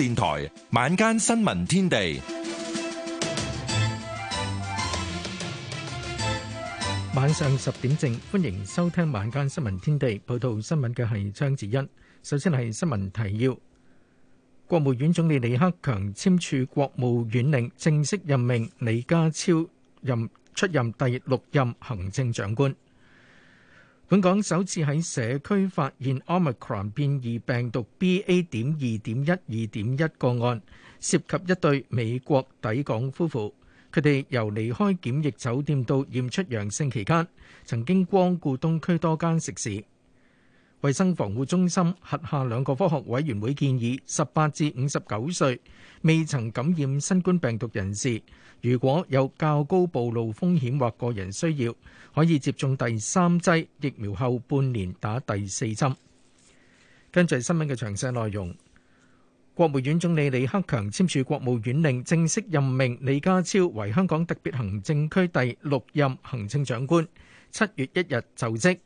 電台晚間新聞天地，晚上十點正，歡迎收聽晚間新聞天地。報道新聞嘅係張子欣。首先係新聞提要，國務院總理李克強簽署國務院令，正式任命李家超任出任第六任行政長官。本港首次喺社區發現 Omicron 變異病毒 BA. 點二點一二點一個案，涉及一對美國抵港夫婦。佢哋由離開檢疫酒店到驗出陽性期間，曾經光顧東區多間食肆。衛生防護中心轄下兩個科學委員會建議，十八至五十九歲未曾感染新冠病毒人士，如果有較高暴露風險或個人需要，可以接種第三劑疫苗後半年打第四針。跟住新聞嘅詳細內容，國務院總理李克強簽署國務院令，正式任命李家超為香港特別行政區第六任行政長官，七月一日就職。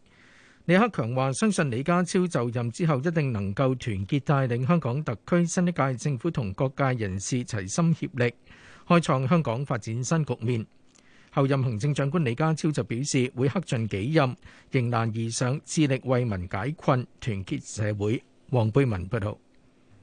李克強話：相信李家超就任之後，一定能夠團結帶領香港特區新一屆政府同各界人士齊心協力，開創香港發展新局面。後任行政長官李家超就表示，會克盡己任，迎難而上，致力為民解困，團結社會。黃貝文報道。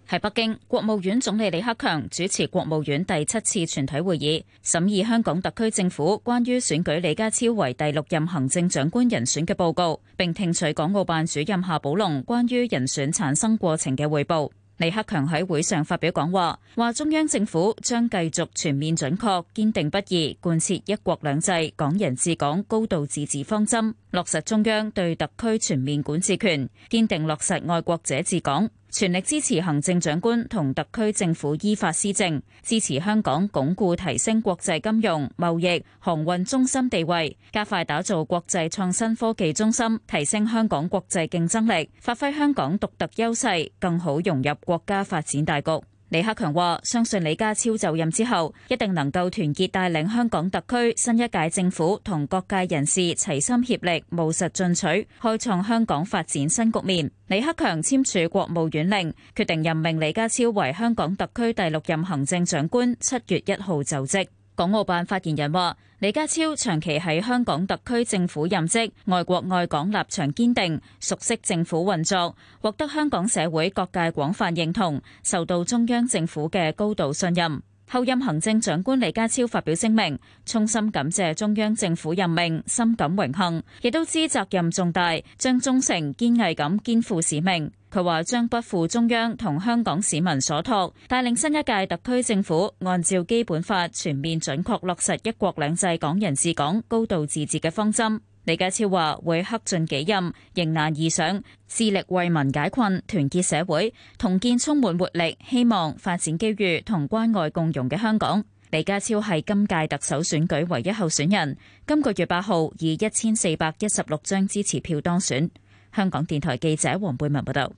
喺北京，國務院總理李克強主持國務院第七次全體會議，審議香港特區政府關於選舉李家超為第六任行政長官人選嘅報告，並聽取港澳辦主任夏寶龍關於人選產生過程嘅匯報。李克強喺會上發表講話，話中央政府將繼續全面準確、堅定不移貫徹一國兩制、港人治港、高度自治方針，落實中央對特區全面管治權，堅定落實愛國者治港。全力支持行政長官同特區政府依法施政，支持香港鞏固提升國際金融、貿易、航運中心地位，加快打造國際創新科技中心，提升香港國際競爭力，發揮香港獨特優勢，更好融入國家發展大局。李克強話：相信李家超就任之後，一定能夠團結帶領香港特區新一屆政府同各界人士齊心協力，務實進取，開創香港發展新局面。李克強簽署國務院令，決定任命李家超為香港特區第六任行政長官，七月一號就職。港澳辦發言人話：李家超長期喺香港特區政府任職，愛國愛港立場堅定，熟悉政府運作，獲得香港社會各界廣泛認同，受到中央政府嘅高度信任。候任行政長官李家超發表聲明，衷心感謝中央政府任命，深感榮幸，亦都知責任重大，將忠誠堅毅咁肩負使命。佢話將不負中央同香港市民所託，帶領新一屆特區政府，按照基本法全面準確落實一國兩制、港人治港、高度自治嘅方針。李家超話會克盡己任，迎難而上，致力為民解困，團結社會，同建充滿活力、希望、發展機遇同關愛共融嘅香港。李家超係今屆特首選舉唯一候選人，今個月八號以一千四百一十六張支持票當選。香港電台記者黃貝文報道。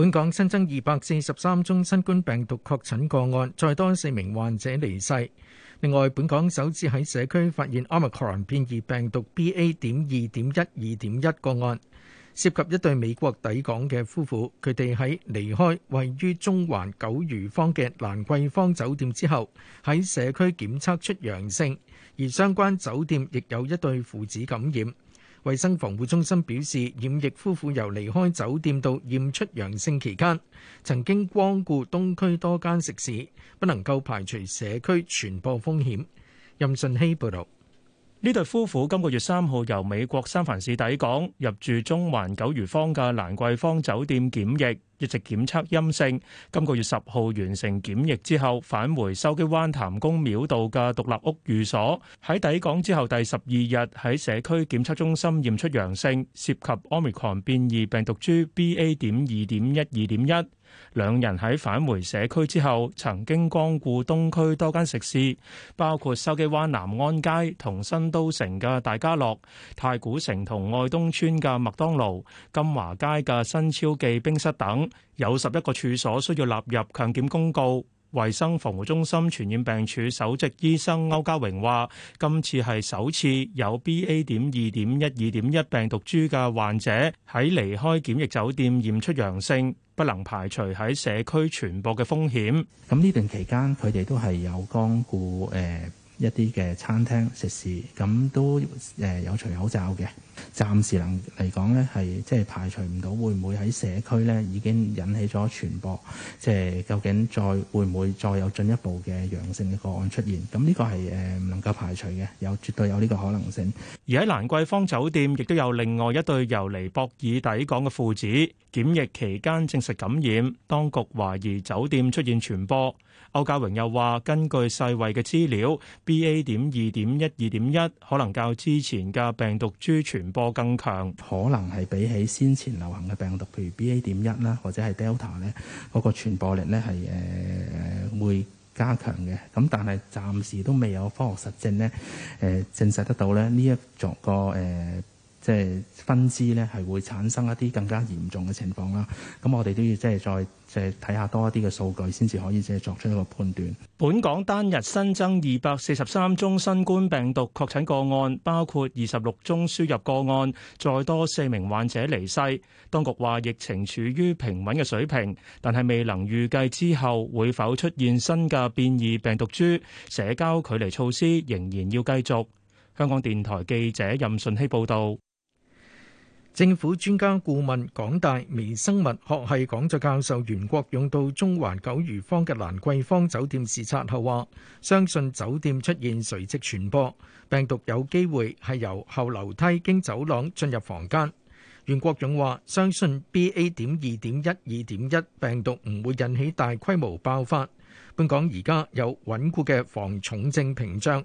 本港新增二百四十三宗新冠病毒確診個案，再多四名患者離世。另外，本港首次喺社區發現 Omicron 變異病毒 BA.2.12.1 個案，涉及一對美國抵港嘅夫婦，佢哋喺離開位於中環九如坊嘅蘭桂坊酒店之後，喺社區檢測出陽性，而相關酒店亦有一對父子感染。衛生防護中心表示，染疫夫婦由離開酒店到驗出陽性期間，曾經光顧東區多間食肆，不能夠排除社區傳播風險。任信希報導。呢對夫婦今個月三號由美國三藩市抵港，入住中環九如坊嘅蘭桂坊酒店檢疫，一直檢測陰性。今個月十號完成檢疫之後，返回筲箕灣譚公廟道嘅獨立屋寓所。喺抵港之後第十二日喺社區檢測中心驗出陽性，涉及 Omicron 變異病毒株 BA. 點二點一二點一。兩人喺返回社區之後，曾經光顧東區多間食肆，包括筲箕灣南安街同新都城嘅大家樂、太古城同愛東邨嘅麥當勞、金華街嘅新超記冰室等，有十一個處所需要納入強檢公告。衛生防護中心傳染病處首席醫生歐家榮話，今次係首次有 BA.2.12.1 病毒株嘅患者喺離開檢疫酒店驗出陽性，不能排除喺社區傳播嘅風險。咁呢段期間，佢哋都係有光顧誒。呃一啲嘅餐廳食肆咁都誒有除口罩嘅，暫時能嚟講呢係即係排除唔到會唔會喺社區呢已經引起咗傳播，即係究竟再會唔會再有進一步嘅陽性嘅個案出現？咁呢個係誒唔能夠排除嘅，有絕對有呢個可能性。而喺蘭桂坊酒店，亦都有另外一對由尼泊爾抵港嘅父子檢疫期間證實感染，當局懷疑酒店出現傳播。歐家榮又話，根據世衛嘅資料，B A 點二點一二點一可能較之前嘅病毒株傳播更強，可能係比起先前流行嘅病毒，譬如 B A 點一啦，或者係 Delta 咧，嗰個傳播力咧係誒會加強嘅。咁但係暫時都未有科學實證咧，誒、呃、證實得到咧呢一座個誒即係分支咧係會產生一啲更加嚴重嘅情況啦。咁我哋都要即係再。睇下多一啲嘅數據，先至可以即作出一個判斷。本港單日新增二百四十三宗新冠病毒確診個案，包括二十六宗輸入個案，再多四名患者離世。當局話疫情處於平穩嘅水平，但係未能預計之後會否出現新嘅變異病毒株。社交距離措施仍然要繼續。香港電台記者任順希報道。政府專家顧問、港大微生物學系講座教授袁國勇到中環九如坊嘅蘭桂坊酒店視察後話：相信酒店出現垂直傳播病毒，有機會係由後樓梯經走廊進入房間。袁國勇話：相信 BA 點二點一二點一病毒唔會引起大規模爆發。本港而家有穩固嘅防重症屏障。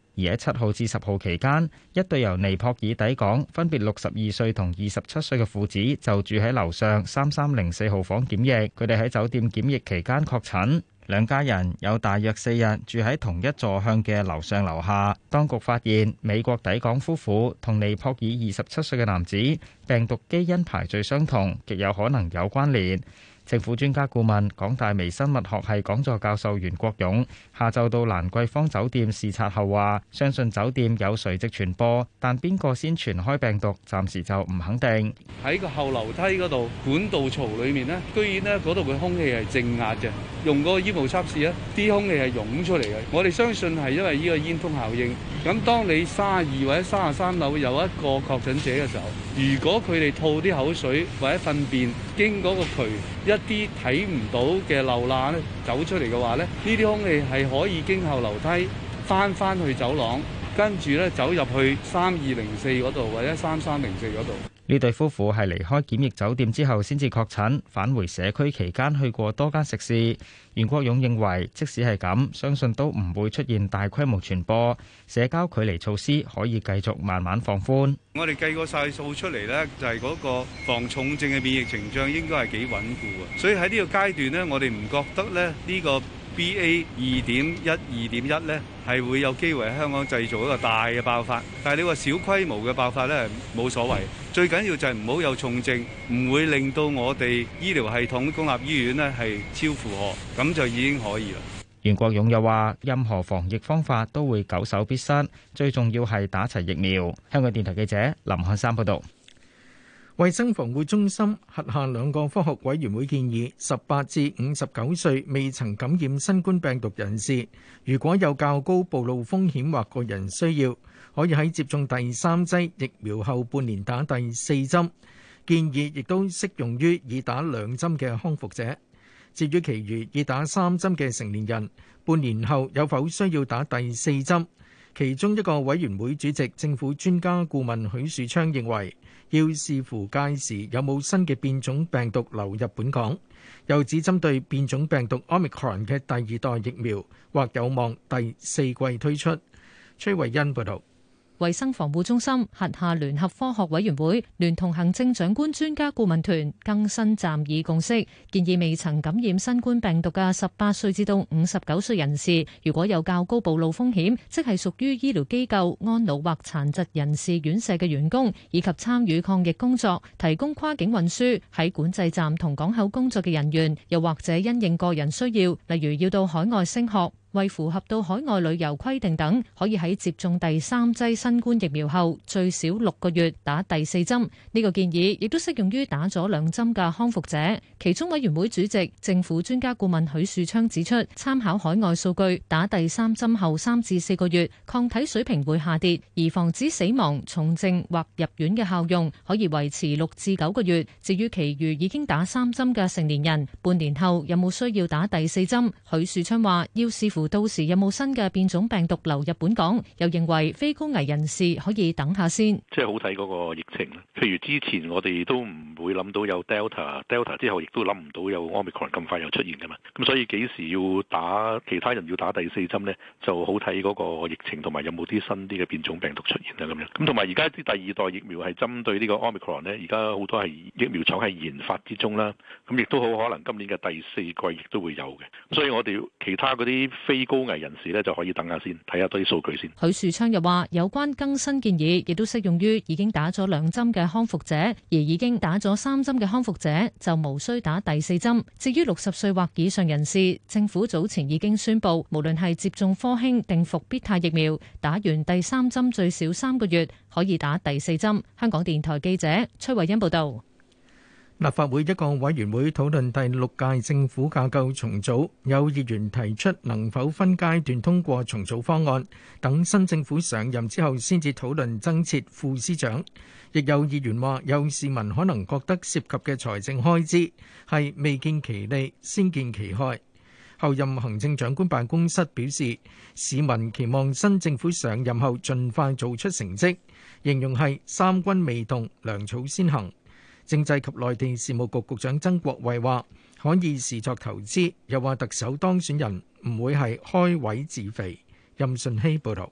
而喺七號至十號期間，一對由尼泊爾抵港、分別六十二歲同二十七歲嘅父子，就住喺樓上三三零四號房檢疫。佢哋喺酒店檢疫期間確診，兩家人有大約四日住喺同一座向嘅樓上樓下。當局發現美國抵港夫婦同尼泊爾二十七歲嘅男子病毒基因排序相同，極有可能有關聯。政府專家顧問、港大微生物學系講座教授袁國勇下晝到蘭桂坊酒店視察後話：相信酒店有垂直傳播，但邊個先傳開病毒，暫時就唔肯定。喺個後樓梯嗰度管道槽裡面呢，居然呢嗰度嘅空氣係正壓嘅，用嗰個煙霧測試咧，啲空氣係湧出嚟嘅。我哋相信係因為呢個煙囪效應。咁當你卅二或者卅三樓有一個確診者嘅時候，如果佢哋吐啲口水或者糞便，經嗰個渠一啲睇唔到嘅漏罅咧，走出嚟嘅話咧，呢啲空氣係可以經後樓梯翻翻去走廊，跟住咧走入去三二零四嗰度或者三三零四嗰度。呢對夫婦係離開檢疫酒店之後先至確診，返回社區期間去過多間食肆。袁國勇認為，即使係咁，相信都唔會出現大規模傳播，社交距離措施可以繼續慢慢放寬。我哋計過曬數出嚟咧，就係嗰個防重症嘅免疫情象應該係幾穩固啊，所以喺呢個階段咧，我哋唔覺得咧呢個 BA 二點一二點一咧係會有機會喺香港製造一個大嘅爆發。但係你話小規模嘅爆發咧，冇所謂。最緊要就係唔好有重症，唔會令到我哋醫療系統公立醫院咧係超負荷，咁就已經可以啦。袁國勇又話：任何防疫方法都會久守必失，最重要係打齊疫苗。香港電台記者林漢山報道。衞生防護中心轄下兩個科學委員會建議，十八至五十九歲未曾感染新冠病毒人士，如果有較高暴露風險或個人需要。可以喺接種第三劑疫苗後半年打第四針，建議亦都適用於已打兩針嘅康復者。至於其餘已打三針嘅成年人，半年後有否需要打第四針？其中一個委員會主席、政府專家顧問許樹昌認為，要視乎屆時有冇新嘅變種病毒流入本港。又指針對變種病毒 Omicron 嘅第二代疫苗或有望第四季推出。崔慧欣報導。衛生防護中心轄下聯合科學委員會聯同行政長官專家顧問團更新暫議共識，建議未曾感染新冠病毒嘅十八歲至到五十九歲人士，如果有較高暴露風險，即係屬於醫療機構、安老或殘疾人士院舍嘅員工，以及參與抗疫工作、提供跨境運輸、喺管制站同港口工作嘅人員，又或者因應個人需要，例如要到海外升學，為符合到海外旅遊規定等，可以喺接種第三劑新冠疫苗後最少六個月打第四針。呢個建議亦都適用於打咗兩針嘅康復者。其中委員會主席、政府專家顧問許樹昌指出，參考海外數據，打第三針後三至四個月，抗體水平會下跌，而防止死亡、重症或入院嘅效用可以維持六至九個月。至於其餘已經打三針嘅成年人，半年後有冇需要打第四針？許樹昌話要視乎。到時有冇新嘅變種病毒流入本港？又認為非高危人士可以等下先。即係好睇嗰個疫情。譬如之前我哋都唔會諗到有 Delta，Delta 之後亦都諗唔到有 Omicron 咁快又出現噶嘛。咁所以幾時要打其他人要打第四針咧，就好睇嗰個疫情同埋有冇啲新啲嘅變種病毒出現啦咁樣。咁同埋而家啲第二代疫苗係針對呢個 Omicron 咧，而家好多係疫苗廠係研發之中啦。咁亦都好可能今年嘅第四季亦都會有嘅。所以我哋其他嗰啲。非高危人士呢，就可以等下先，睇下多啲數據先。許樹昌又話有關更新建議亦都適用於已經打咗兩針嘅康復者，而已經打咗三針嘅康復者就無需打第四針。至於六十歲或以上人士，政府早前已經宣布，無論係接種科興定服必泰疫苗，打完第三針最少三個月可以打第四針。香港電台記者崔慧欣報道。立法會一個委員會討論第六屆政府架構重組，有議員提出能否分階段通過重組方案，等新政府上任之後先至討論增設副司長。亦有議員話，有市民可能覺得涉及嘅財政開支係未見其利先見其害。候任行政長官辦公室表示，市民期望新政府上任後盡快做出成績，形容係三軍未動，糧草先行。政制及內地事務局局長曾國衛話：可以視作投資，又話特首當選人唔會係開位自肥。任順希報導。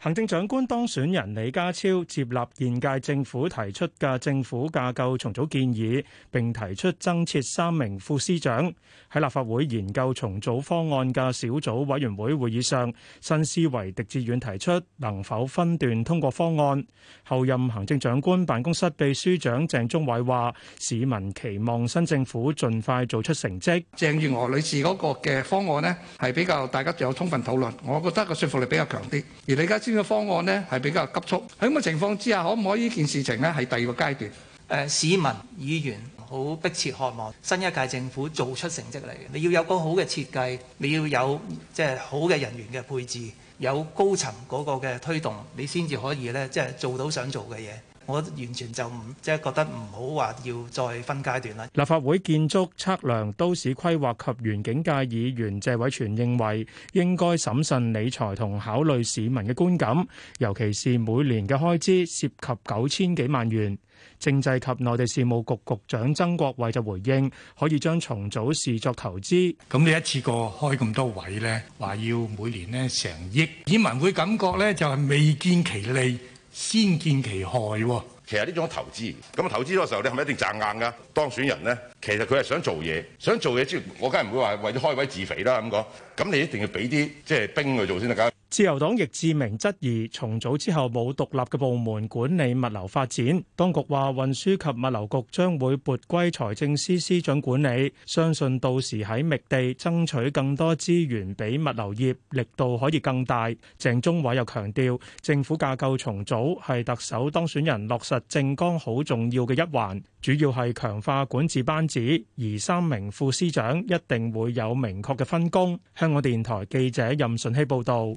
行政長官當選人李家超接納現屆政府提出嘅政府架構重組建議，並提出增設三名副司長。喺立法會研究重組方案嘅小組委員會會議上，新思維狄志遠提出能否分段通過方案。後任行政長官辦公室秘書長鄭中偉話，市民期望新政府盡快做出成績。鄭月娥女士嗰個嘅方案呢，係比較大家仲有充分討論，我覺得個說服力比較強啲。而李家呢個方案呢，係比較急促，喺咁嘅情況之下，可唔可以呢件事情呢？係第二個階段？誒，市民、議員好迫切渴望新一屆政府做出成績嚟嘅。你要有個好嘅設計，你要有即係好嘅人員嘅配置，有高層嗰個嘅推動，你先至可以呢，即係做到想做嘅嘢。我完全就唔即係覺得唔好話要再分階段啦。立法會建築測量都市規劃及園境界議員謝偉銓認為應該審慎理財同考慮市民嘅觀感，尤其是每年嘅開支涉及九千幾萬元。政制及內地事務局局長曾國衞就回應可以將重組視作投資。咁你一次過開咁多位咧，話要每年咧成億，市民會感覺咧就係未見其利，先見其害喎，其實呢種投資，投資嗰時候你係咪一定賺硬㗎？啊。當選人呢，其實佢係想做嘢，想做嘢我梗係唔會話為咗開位自肥啦，咁你一定要俾啲即係兵去做先得㗎。自由黨易志明質疑重組之後冇獨立嘅部門管理物流發展。當局話運輸及物流局將會撥歸財政司司長管理，相信到時喺密地爭取更多資源俾物流業力度可以更大。鄭中偉又強調，政府架構重組係特首當選人落實政綱好重要嘅一環，主要係強化管治班子，而三名副司長一定會有明確嘅分工。香港電台記者任順希報導。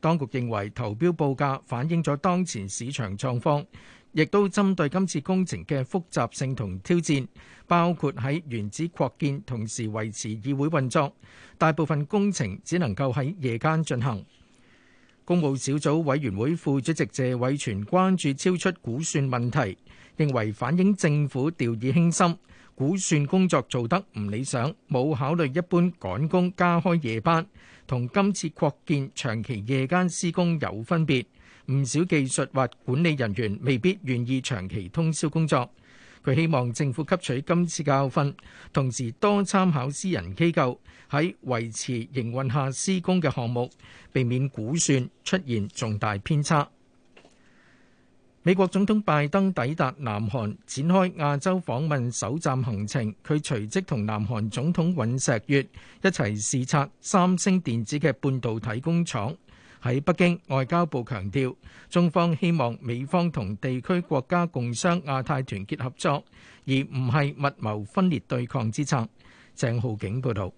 當局認為投標報價反映咗當前市場狀況，亦都針對今次工程嘅複雜性同挑戰，包括喺原址擴建同時維持議會運作，大部分工程只能夠喺夜間進行。公務小組委員會副主席謝偉全關注超出估算問題，認為反映政府掉以輕心。估算工作做得唔理想，冇考慮一般趕工加開夜班，同今次擴建長期夜間施工有分別，唔少技術或管理人員未必願意長期通宵工作。佢希望政府吸取今次教訓，同時多參考私人機構，喺維持營運下施工嘅項目，避免估算出現重大偏差。美國總統拜登抵達南韓展開亞洲訪問首站行程，佢隨即同南韓總統尹錫悅一齊視察三星電子嘅半導體工廠。喺北京，外交部強調中方希望美方同地區國家共商亞太團結合作，而唔係密謀分裂對抗之策。鄭浩景報道。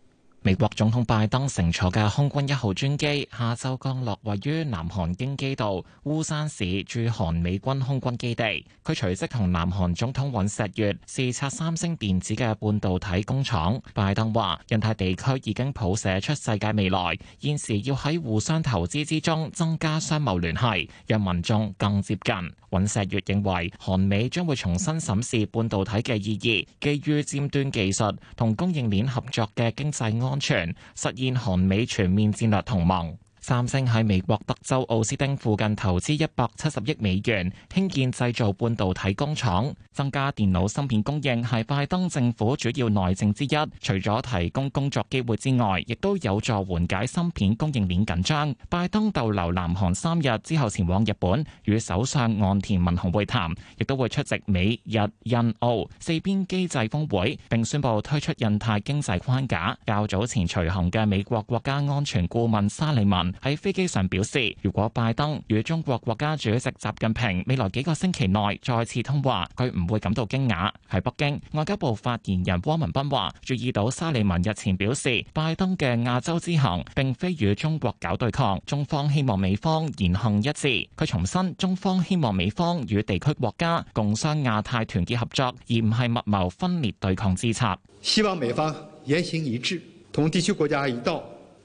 美國總統拜登乘坐嘅空軍一號專機下晝降落位於南韓京畿道烏山市駐韓美軍空軍基地。佢隨即同南韓總統尹錫悅視察三星電子嘅半導體工廠。拜登話：印太地區已經譜寫出世界未來，現時要喺互相投資之中增加商貿聯繫，讓民眾更接近。尹錫悅認為韓美將會重新審視半導體嘅意義，基於尖端技術同供應鏈合作嘅經濟安。安全，實現韓美全面戰略同盟。三星喺美國德州奧斯汀附近投資一百七十億美元興建製造半導體工廠，增加電腦芯片供應，係拜登政府主要內政之一。除咗提供工作機會之外，亦都有助緩解芯片供應鏈緊張。拜登逗留南韓三日之後前往日本，與首相岸田文雄會談，亦都會出席美日印澳四邊機制峰會，並宣布推出印太經濟框架。較早前隨行嘅美國國家安全顧問沙利文喺飛機上表示，如果拜登與中國國家主席習近平未來幾個星期內再次通話，佢唔會感到驚訝。喺北京，外交部發言人汪文斌話：注意到沙利文日前表示，拜登嘅亞洲之行並非與中國搞對抗，中方希望美方言行一致。佢重申，中方希望美方與地區國家共商亞太團結合作，而唔係密謀分裂對抗之策。希望美方言行一致，同地區國家一道。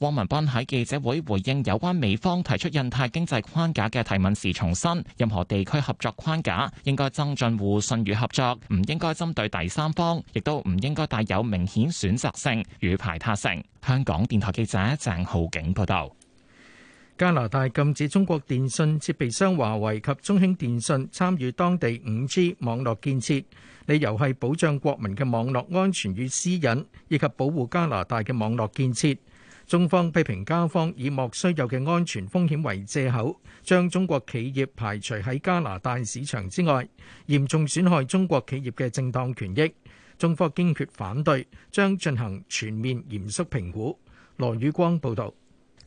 汪文斌喺記者會回應有關美方提出印太經濟框架嘅提問時，重申任何地區合作框架應該增進互信與合作，唔應該針對第三方，亦都唔應該帶有明顯選擇性與排他性。香港電台記者鄭浩景報道：加拿大禁止中國電信設備商華為及中興電信參與當地 5G 網絡建設，理由係保障國民嘅網絡安全與私隱，以及保護加拿大嘅網絡建設。中方批評加方以莫須有嘅安全風險為借口，將中國企業排除喺加拿大市場之外，嚴重損害中國企業嘅正當權益。中方堅決反對，將進行全面嚴肅評估。羅宇光報道。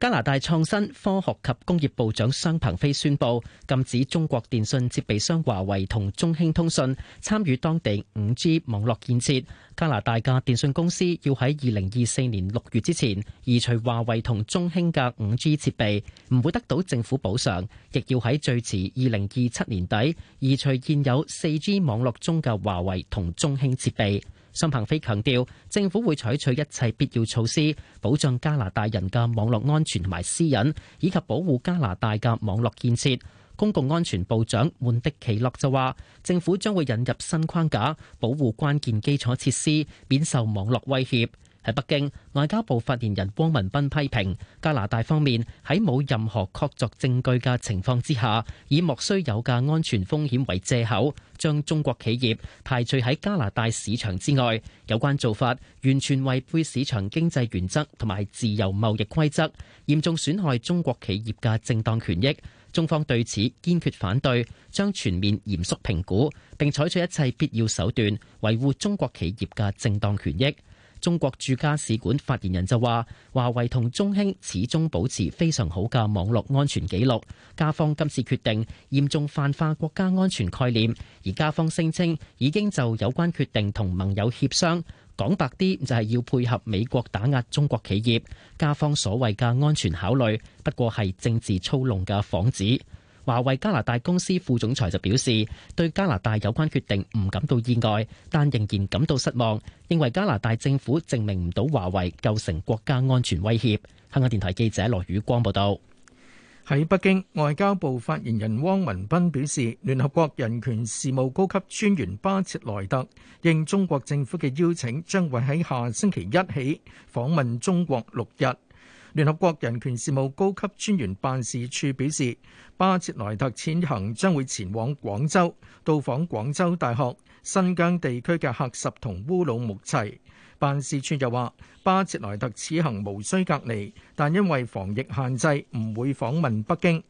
加拿大創新科學及工業部長商鵬飛宣布禁止中國電信設備商華為同中興通訊參與當地 5G 網絡建設。加拿大嘅電信公司要喺二零二四年六月之前移除華為同中興嘅 5G 設備，唔會得到政府補償；亦要喺最遲二零二七年底移除現有 4G 網絡中嘅華為同中興設備。桑鵬飛強調政府會採取一切必要措施，保障加拿大人嘅網絡安全同埋私隱，以及保護加拿大嘅網絡建設。公共安全部長門迪奇諾就話政府將會引入新框架，保護關鍵基礎設施免受網絡威脅。喺北京，外交部發言人汪文斌批評加拿大方面喺冇任何確鑿證據嘅情況之下，以莫須有嘅安全風險為借口，將中國企業排除喺加拿大市場之外。有關做法完全違背市場經濟原則同埋自由貿易規則，嚴重損害中國企業嘅正當權益。中方對此堅決反對，將全面嚴肅評估，並採取一切必要手段維護中國企業嘅正當權益。中國駐加使館發言人就話：華為同中興始終保持非常好嘅網絡安全記錄，加方今次決定嚴重泛化國家安全概念，而加方聲稱已經就有關決定同盟友協商。講白啲，就係要配合美國打壓中國企業。加方所謂嘅安全考慮，不過係政治操弄嘅幌子。華為加拿大公司副總裁就表示，對加拿大有關決定唔感到意外，但仍然感到失望，認為加拿大政府證明唔到華為構成國家安全威脅。香港電台記者羅宇光報道。喺北京，外交部發言人汪文斌表示，聯合國人權事務高級專員巴切萊特應中國政府嘅邀請，將會喺下星期一起訪問中國六日。聯合國人權事務高級專員辦事處表示，巴切萊特此行將會前往廣州，到訪廣州大學新疆地區嘅喀什同烏魯木齊辦事處，又話巴切萊特此行無需隔離，但因為防疫限制，唔會訪問北京。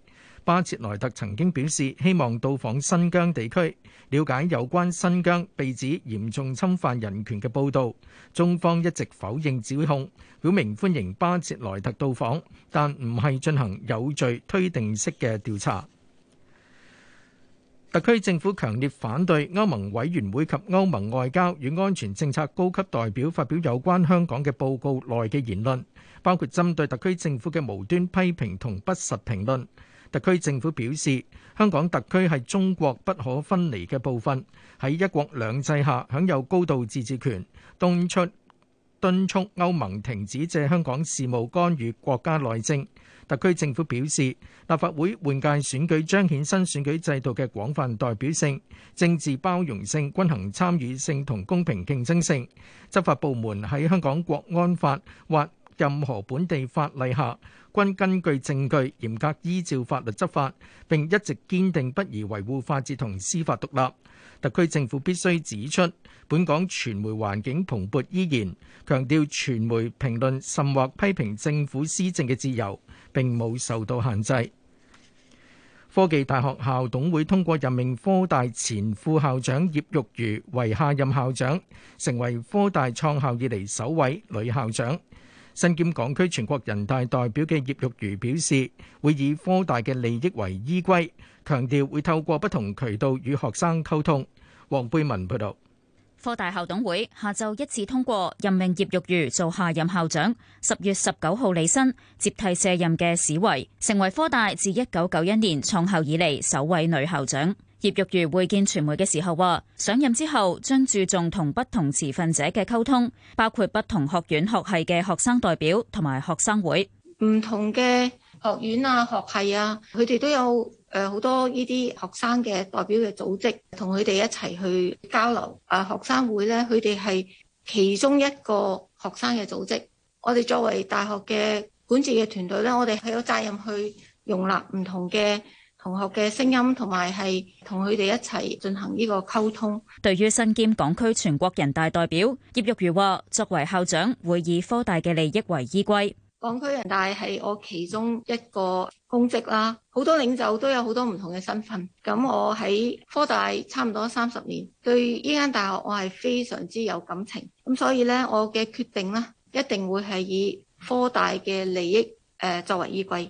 巴切萊特曾經表示希望到訪新疆地區，了解有關新疆被指嚴重侵犯人權嘅報導。中方一直否認指控，表明歡迎巴切萊特到訪，但唔係進行有罪推定式嘅調查。特區政府強烈反對歐盟委員會及歐盟外交與安全政策高級代表發表有關香港嘅報告內嘅言論，包括針對特區政府嘅無端批評同不實評論。特區政府表示，香港特區係中國不可分離嘅部分，喺一國兩制下享有高度自治權。當出敦促歐盟停止借香港事務干預國家內政。特區政府表示，立法會換屆選舉彰顯新選舉制度嘅廣泛代表性、政治包容性、均衡參與性同公平競爭性。執法部門喺香港國安法或任何本地法例下，均根據證據，嚴格依照法律執法，並一直堅定不移維護法治同司法獨立。特區政府必須指出，本港傳媒環境蓬勃依然，強調傳媒評論甚或批評政府施政嘅自由並冇受到限制。科技大學校董會通過任命科大前副校長葉玉如為下任校長，成為科大創校以嚟首位女校長。身兼港區全國人大代表嘅葉玉如表示，會以科大嘅利益為依歸，強調會透過不同渠道與學生溝通。黃貝文報導，科大校董會下晝一致通過任命葉玉如做下任校長，十月十九號履新，接替卸任嘅史維，成為科大自一九九一年創校以嚟首位女校長。葉玉如會見傳媒嘅時候話，上任之後將注重同不同持份者嘅溝通，包括不同學院學系嘅學生代表同埋學生會。唔同嘅學院啊、學系啊，佢哋都有誒好多呢啲學生嘅代表嘅組織，同佢哋一齊去交流。啊，學生會咧，佢哋係其中一個學生嘅組織。我哋作為大學嘅管治嘅團隊咧，我哋係有責任去容納唔同嘅同學嘅聲音同埋係同佢哋一齊進行呢個溝通。對於身兼港區全國人大代表，葉玉如話：作為校長，會以科大嘅利益為依歸。港區人大係我其中一個公職啦，好多領袖都有好多唔同嘅身份。咁我喺科大差唔多三十年，對呢間大學我係非常之有感情。咁所以呢，我嘅決定呢，一定會係以科大嘅利益誒作為依歸。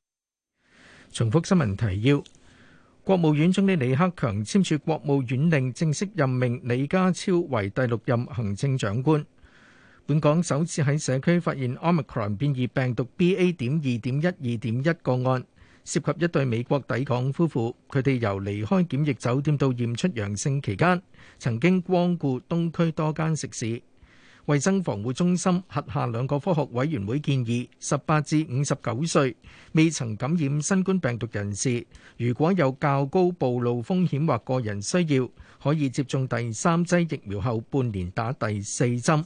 重複新聞提要：國務院總理李克強簽署國務院令，正式任命李家超為第六任行政長官。本港首次喺社區發現 Omicron 變異病毒 BA. 點二點一二點一個案，涉及一對美國抵港夫婦。佢哋由離開檢疫酒店到驗出陽性期間，曾經光顧東區多間食肆。衞生防護中心轄下兩個科學委員會建議，十八至五十九歲未曾感染新冠病毒人士，如果有較高暴露風險或個人需要，可以接種第三劑疫苗後半年打第四針。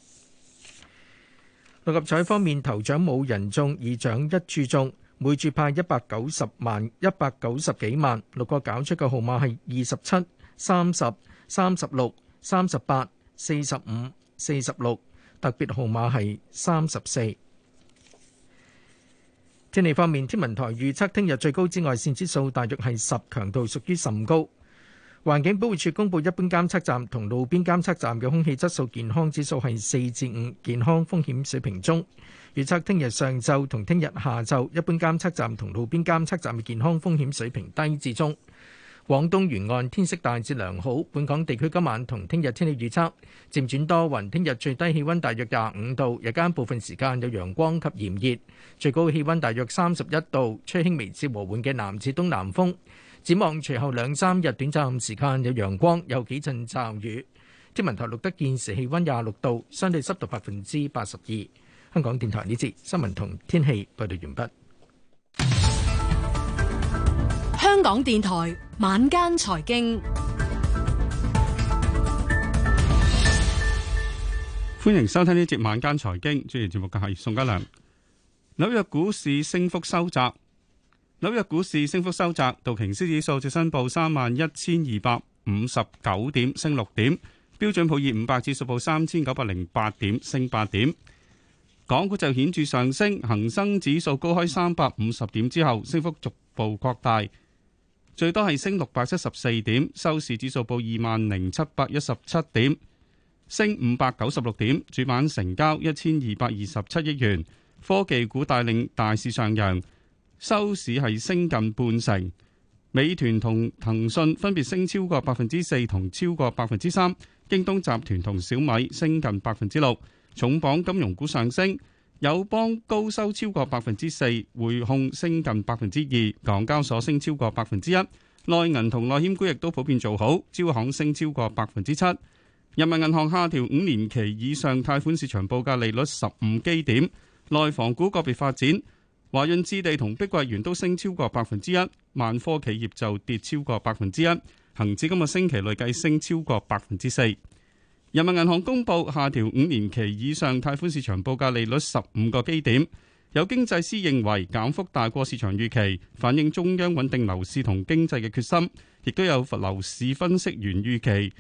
六合彩方面，頭獎冇人中，二獎一注中，每注派一百九十萬一百九十幾萬。六個攪出嘅號碼係二十七、三十、三十六、三十八、四十五、四十六，46，特別號碼係三十四。天氣方面，天文台預測聽日最高紫外線指數大約係十，強度屬於甚高。環境保護署公布一般監測站同路邊監測站嘅空氣質素健康指數係四至五，健康風險水平中。預測聽日上晝同聽日下晝，一般監測站同路邊監測站嘅健康風險水平低至中。廣東沿岸天色大致良好，本港地區今晚同聽日天氣預測漸轉多雲，聽日最低氣溫大約廿五度，日間部分時間有陽光及炎熱，最高氣溫大約三十一度，吹輕微至和緩嘅南至東南風。展望隨後兩三日，短暫時間有陽光，有幾陣驟雨。天文台錄得現時氣溫廿六度，相對濕度百分之八十二。香港電台呢節新聞同天氣報道完畢。香港電台晚間財經，歡迎收聽呢節晚間財經。主持節目嘅係宋家良。紐約股市升幅收窄，紐約股市升幅收窄。道瓊斯指數最新報三萬一千二百五十九點，升六點。標準普爾五百指數報三千九百零八點，升八點。港股就顯著上升，恆生指數高開三百五十點之後，升幅逐步擴大。最多係升六百七十四點，收市指數報二萬零七百一十七點，升五百九十六點，主板成交一千二百二十七億元。科技股帶領大市上揚，收市係升近半成。美團同騰訊分別升超過百分之四同超過百分之三，京東集團同小米升近百分之六，重磅金融股上升，友邦高收超過百分之四，匯控升近百分之二，港交所升超過百分之一，內銀同內險股亦都普遍做好，招行升超過百分之七。人民銀行下調五年期以上貸款市場報價利率十五基點。內房股個別發展，華潤置地同碧桂園都升超過百分之一，萬科企業就跌超過百分之一，恒指今個星期累計升超過百分之四。人民銀行公布下調五年期以上貸款市場報價利率十五個基點。有經濟師認為減幅大過市場預期，反映中央穩定樓市同經濟嘅決心，亦都有樓市分析員預期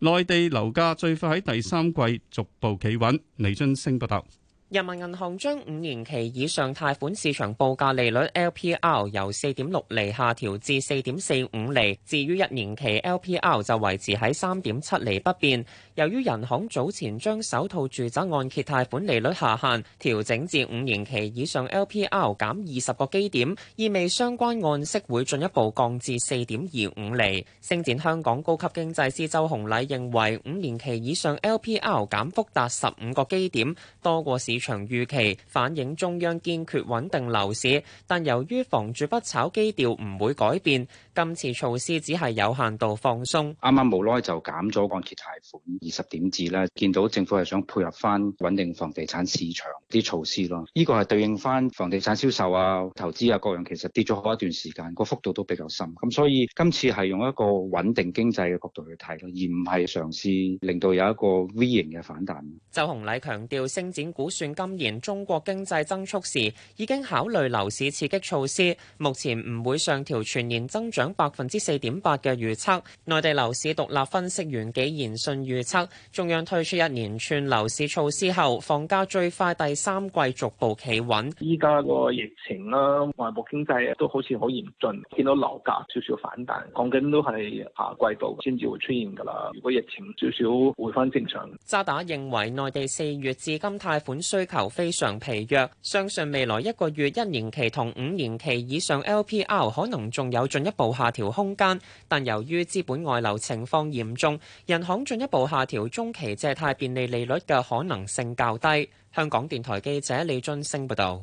內地樓價最快喺第三季逐步企穩，李俊升報道。人民銀行將五年期以上貸款市場報價利率 LPR 由四點六厘下調至四點四五厘。至於一年期 LPR 就維持喺三點七厘不變。由於人行早前將首套住宅按揭貸款利率下限調整至五年期以上 LPR 減二十個基點，意味相關按息會進一步降至四點二五厘。星展香港高級經濟師周紅禮認為，五年期以上 LPR 減幅達十五個基點，多過市長預期反映中央堅決穩定樓市，但由於房住不炒基調唔會改變，今次措施只係有限度放鬆。啱啱冇耐就減咗按揭貸款二十點子咧，見到政府係想配合翻穩定房地產市場啲措施咯。呢個係對應翻房地產銷售啊、投資啊各樣，其實跌咗好一段時間，個幅度都比較深。咁所以今次係用一個穩定經濟嘅角度去睇咯，而唔係嘗試令到有一個 V 型嘅反彈。周洪禮強調升展估算，今年中國經濟增速，時已經考慮樓市刺激措施，目前唔會上調全年增長百分之四點八嘅預測，內地樓市獨立分析員紀言信預測中央推出一連串樓市措施後房價最快第三季逐步企穩，依家個疫情啦，外部經濟都好似好嚴峻，見到樓價少少反彈，講緊都係下季度先至會出現噶啦。如果疫情少少回翻正常，渣打認為內地四月至今貸款。需求非常疲弱，相信未來一個月、一年期同五年期以上 LPR 可能仲有進一步下調空間，但由於資本外流情況嚴重，人行進一步下調中期借貸便利利率嘅可能性較低。香港電台記者李津升報道。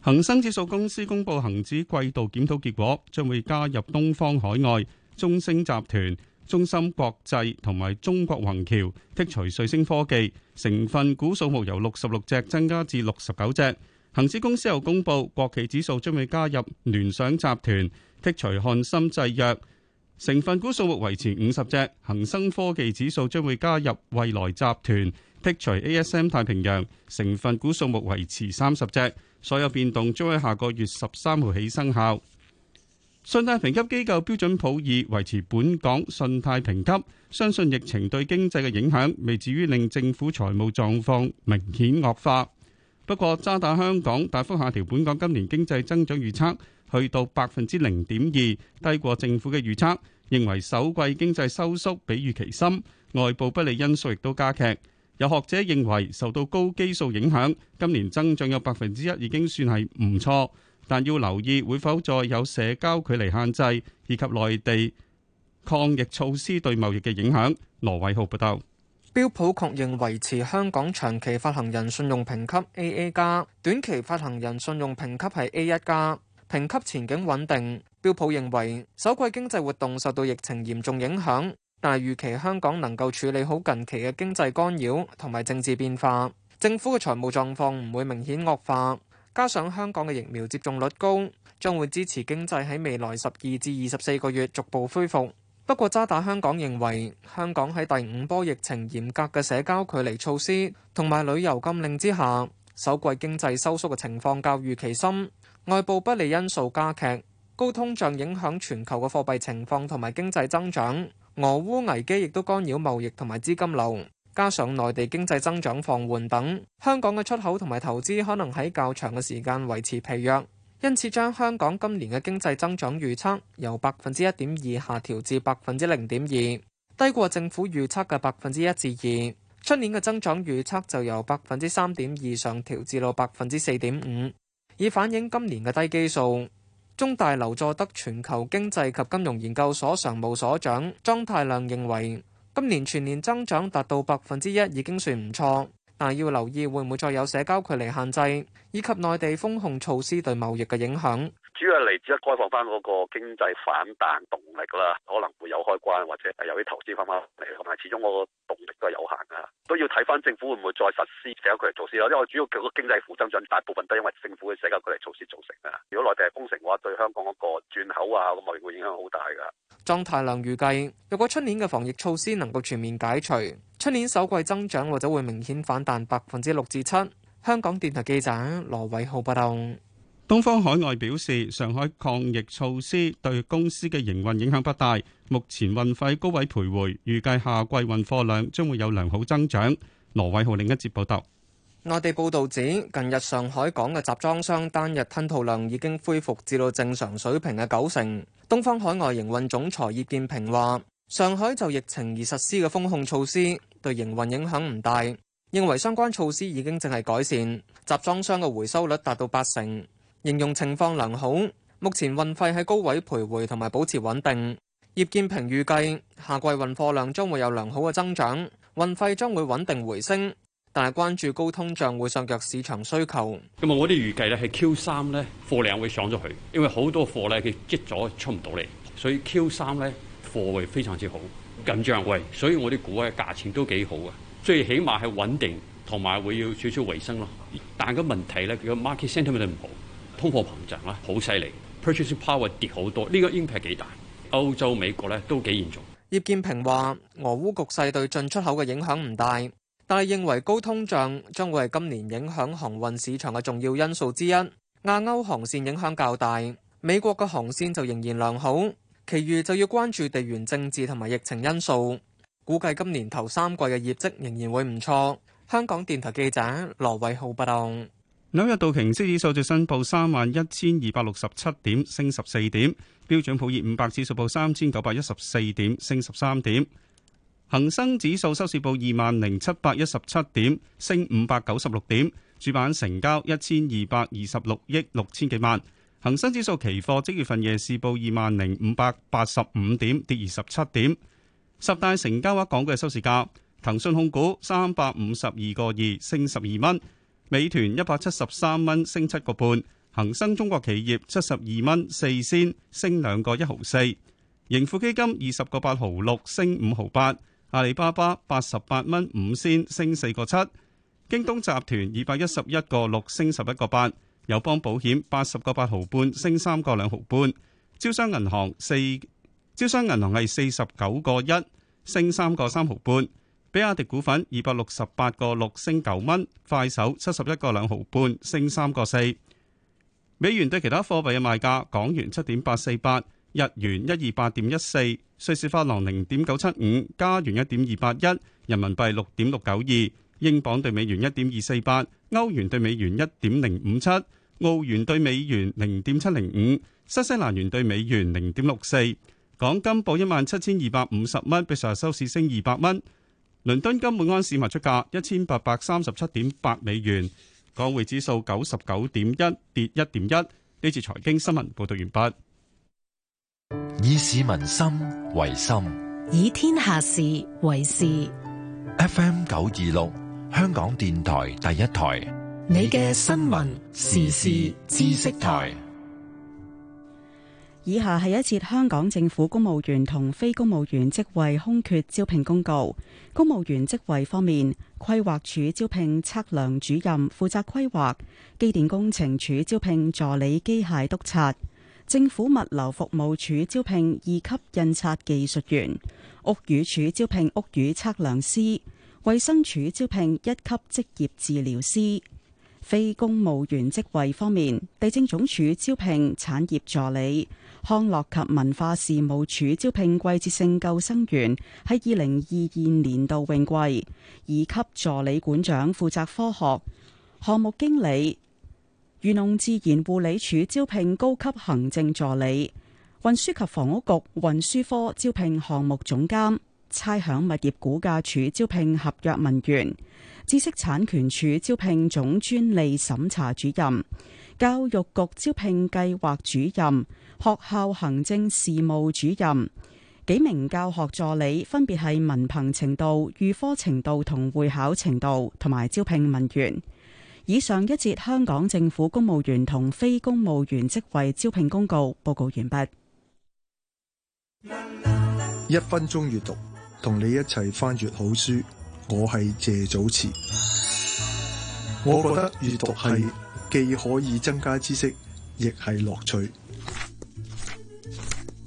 恒生指數公司公佈恒指季度檢討結果，將會加入東方海外、中升集團。中芯國際同埋中國宏橋，剔除瑞聲科技，成分股數目由六十六隻增加至六十九隻。恒指公司又公布，國企指數將會加入聯想集團，剔除翰森製藥，成分股數目維持五十隻。恒生科技指數將會加入蔚來集團，剔除 ASM 太平洋，成分股數目維持三十隻。所有變動將喺下個月十三號起生效。信貸評級機構標準普爾維持本港信貸評級，相信疫情對經濟嘅影響未至於令政府財務狀況明顯惡化。不過，渣打香港大幅下調本港今年經濟增長預測，去到百分之零點二，低過政府嘅預測，認為首季經濟收縮比預期深，外部不利因素亦都加劇。有學者認為，受到高基數影響，今年增長有百分之一已經算係唔錯。但要留意會否再有社交距離限制，以及內地抗疫措施對貿易嘅影響。羅偉浩報道，標普確認維持香港長期發行人信用評級 AA 加，短期發行人信用評級係 A 一加，評級前景穩定。標普認為首季經濟活動受到疫情嚴重影響，但係預期香港能夠處理好近期嘅經濟干擾同埋政治變化，政府嘅財務狀況唔會明顯惡化。加上香港嘅疫苗接種率高，將會支持經濟喺未來十二至二十四個月逐步恢復。不過渣打香港認為香港喺第五波疫情嚴格嘅社交距離措施同埋旅遊禁令之下，首季經濟收縮嘅情況較預期深。外部不利因素加劇，高通脹影響全球嘅貨幣情況同埋經濟增長，俄烏危機亦都干擾貿易同埋資金流。加上內地經濟增長放緩等，香港嘅出口同埋投資可能喺較長嘅時間維持疲弱，因此將香港今年嘅經濟增長預測由百分之一點二下調至百分之零點二，低過政府預測嘅百分之一至二。出年嘅增長預測就由百分之三點二上調至到百分之四點五，以反映今年嘅低基數。中大劉佐德全球經濟及金融研究所常務所長莊太量認為。今年全年增長達到百分之一已經算唔錯，但要留意會唔會再有社交距離限制，以及內地封控措施對貿易嘅影響。主要係嚟自一開放翻嗰個經濟反彈動力啦，可能會有開關或者係有啲投資翻翻嚟，同埋始終嗰個動力都係有限噶，都要睇翻政府會唔會再實施社交距離措施啦。因為我主要叫個經濟負增長大部分都因為政府嘅社交距離措施造成噶。如果內地係封城嘅話，對香港嗰個轉口啊咁啊，貿易會影響好大噶。莊太量預計，若果春年嘅防疫措施能夠全面解除，春年首季增長或者會明顯反彈百分之六至七。香港電台記者羅偉浩報道。東方海外表示，上海抗疫措施對公司嘅營運影響不大，目前運費高位徘徊，預計下季運貨量將會有良好增長。羅偉浩另一節報道，內地報道指，近日上海港嘅集裝箱單日吞吐量已經恢復至到正常水平嘅九成。東方海外營運總裁葉建平話，上海就疫情而實施嘅封控措施對營運影響唔大，認為相關措施已經正係改善，集裝箱嘅回收率達到八成。應用情況良好，目前運費喺高位徘徊同埋保持穩定。葉建平預計下季運貨量將會有良好嘅增長，運費將會穩定回升，但係關注高通脹會削弱市場需求。咁啊，我哋預計咧係 Q 三咧貨量會上咗去，因為好多貨咧佢積咗出唔到嚟，所以 Q 三咧貨位非常之好緊張位，所以我啲股咧價錢都幾好啊，最起碼係穩定同埋會要少少回升咯。但係個問題咧，佢嘅 market sentiment 唔好。通貨膨脹啦，好犀利，purchasing power 跌好多，呢個 impact 幾大？歐洲、美國咧都幾嚴重。葉建平話：俄烏局勢對進出口嘅影響唔大，但係認為高通脹將會係今年影響航運市場嘅重要因素之一。亞歐航線影響較大，美國嘅航線就仍然良好，其餘就要關注地緣政治同埋疫情因素。估計今年頭三季嘅業績仍然會唔錯。香港電台記者羅偉浩報道。紐約道瓊斯指數最新報三萬一千二百六十七點，升十四點；標準普爾五百指數報三千九百一十四點，升十三點；恆生指數收市報二萬零七百一十七點，升五百九十六點；主板成交一千二百二十六億六千幾萬；恆生指數期貨即月份夜市報二萬零五百八十五點，跌二十七點；十大成交額港股嘅收市價，騰訊控股三百五十二個二，升十二蚊。美團一百七十三蚊升七個半，恒生中國企業七十二蚊四仙升兩個一毫四，盈富基金二十個八毫六升五毫八，阿里巴巴八十八蚊五仙升四個七，京東集團二百一十一個六升十一個八，友邦保險八十個八毫半升三個兩毫半，招商銀行四，招商銀行係四十九個一升三個三毫半。比亞迪股份二百六十八個六升九蚊，快手七十一個兩毫半升三個四。美元對其他貨幣嘅賣價：港元七點八四八，日元一二八點一四，瑞士法郎零點九七五，加元一點二八一，人民幣六點六九二，英鎊對美元一點二四八，歐元對美元一點零五七，澳元對美元零點七零五，新西蘭元對美元零點六四。港金報一萬七千二百五十蚊，比上日收市升二百蚊。倫敦金每安士賣出價一千八百三十七點八美元，港匯指數九十九點一，跌一點一。呢次財經新聞報道完畢。以市民心為心，以天下事為事。F M 九二六，香港電台第一台，你嘅新聞時事知識台。以下係一次香港政府公務員同非公務員職位空缺招聘公告。公務員職位方面，規劃署招聘測量主任，負責規劃；機電工程署招聘助理機械督察；政府物流服務署招聘二級印刷技術員；屋宇署招聘屋宇測量師；衛生署招聘一級職業治療師。非公務員職位方面，地政總署招聘產業助理。康樂及文化事務署招聘季節性救生員，喺二零二二年度泳季二級助理館長負責科學項目經理。漁農自然護理署招聘高級行政助理。運輸及房屋局運輸科招聘項目總監。差餉物業估價署招聘合約文員。知識產權署招聘總專利審查主任。教育局招聘計劃主任。學校行政事務主任、幾名教學助理分別係文憑程度、預科程度同會考程度，同埋招聘文員。以上一節香港政府公務員同非公務員職位招聘公告報告完畢。一分鐘閱讀，同你一齊翻閱好書。我係謝祖慈。我覺得閱讀係既可以增加知識，亦係樂趣。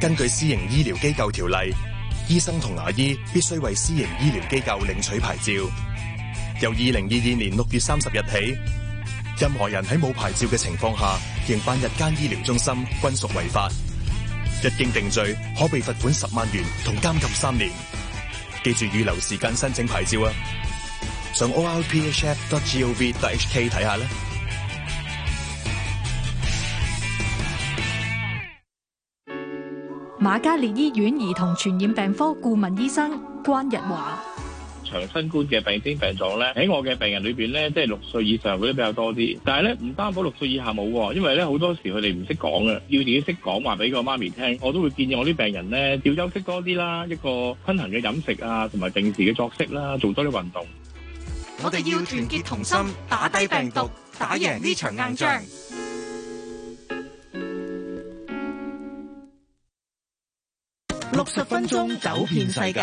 根據私營醫療機構條例，醫生同牙醫必須為私營醫療機構領取牌照。由二零二二年六月三十日起，任何人喺冇牌照嘅情況下營辦日間醫療中心，均屬違法。一經定罪，可被罰款十萬元同監禁三年。記住預留時間申請牌照啊！上 orphf.gov.hk 睇下啦。馬嘉烈醫院兒童傳染病科顧問醫生關日華：長新冠嘅病徵病狀咧，喺我嘅病人裏邊咧，即係六歲以上嗰啲比較多啲，但係咧唔擔保六歲以下冇，因為咧好多時佢哋唔識講嘅，要自己識講話俾個媽咪聽。我都會建議我啲病人咧要休息多啲啦，一個均衡嘅飲食啊，同埋定時嘅作息啦，做多啲運動。我哋要團結同心，打低病毒，打贏呢場硬仗。六十分鐘走遍世界。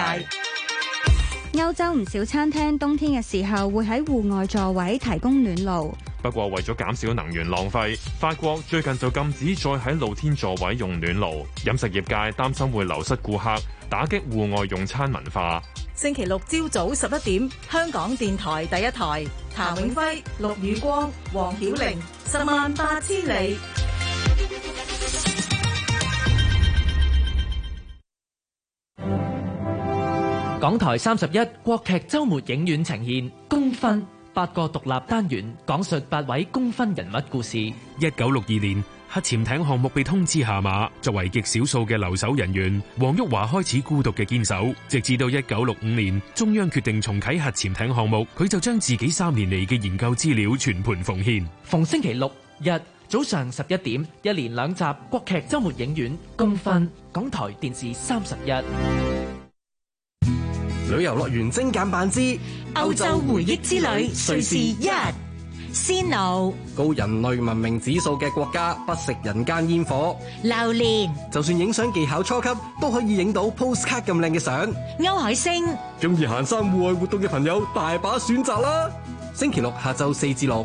歐洲唔少餐廳冬天嘅時候會喺戶外座位提供暖爐。不過為咗減少能源浪費，法國最近就禁止再喺露天座位用暖爐。飲食業界擔心會流失顧客，打擊戶外用餐文化。星期六朝早十一點，香港電台第一台，譚永輝、陸宇光、黃曉玲，十萬八千里。港台三十一國劇周末影院呈現《功勳》八個獨立單元，講述八位功勳人物故事。一九六二年，核潛艇項目被通知下馬，作為極少數嘅留守人員，黃旭華開始孤獨嘅堅守，直至到一九六五年，中央決定重啟核潛艇項目，佢就將自己三年嚟嘅研究資料全盤奉獻。逢星期六日早上十一點，一連兩集國劇周末影院《功勳》，港台電視三十一。旅遊樂園精簡版之歐洲回憶之旅，瑞士一，斯諾歐高人類文明指數嘅國家，不食人間煙火，琉蓮槤就算影相技巧初級都可以影到 postcard 咁靚嘅相，歐海星中意行山戶外活動嘅朋友大把選擇啦，星期六下晝四至六。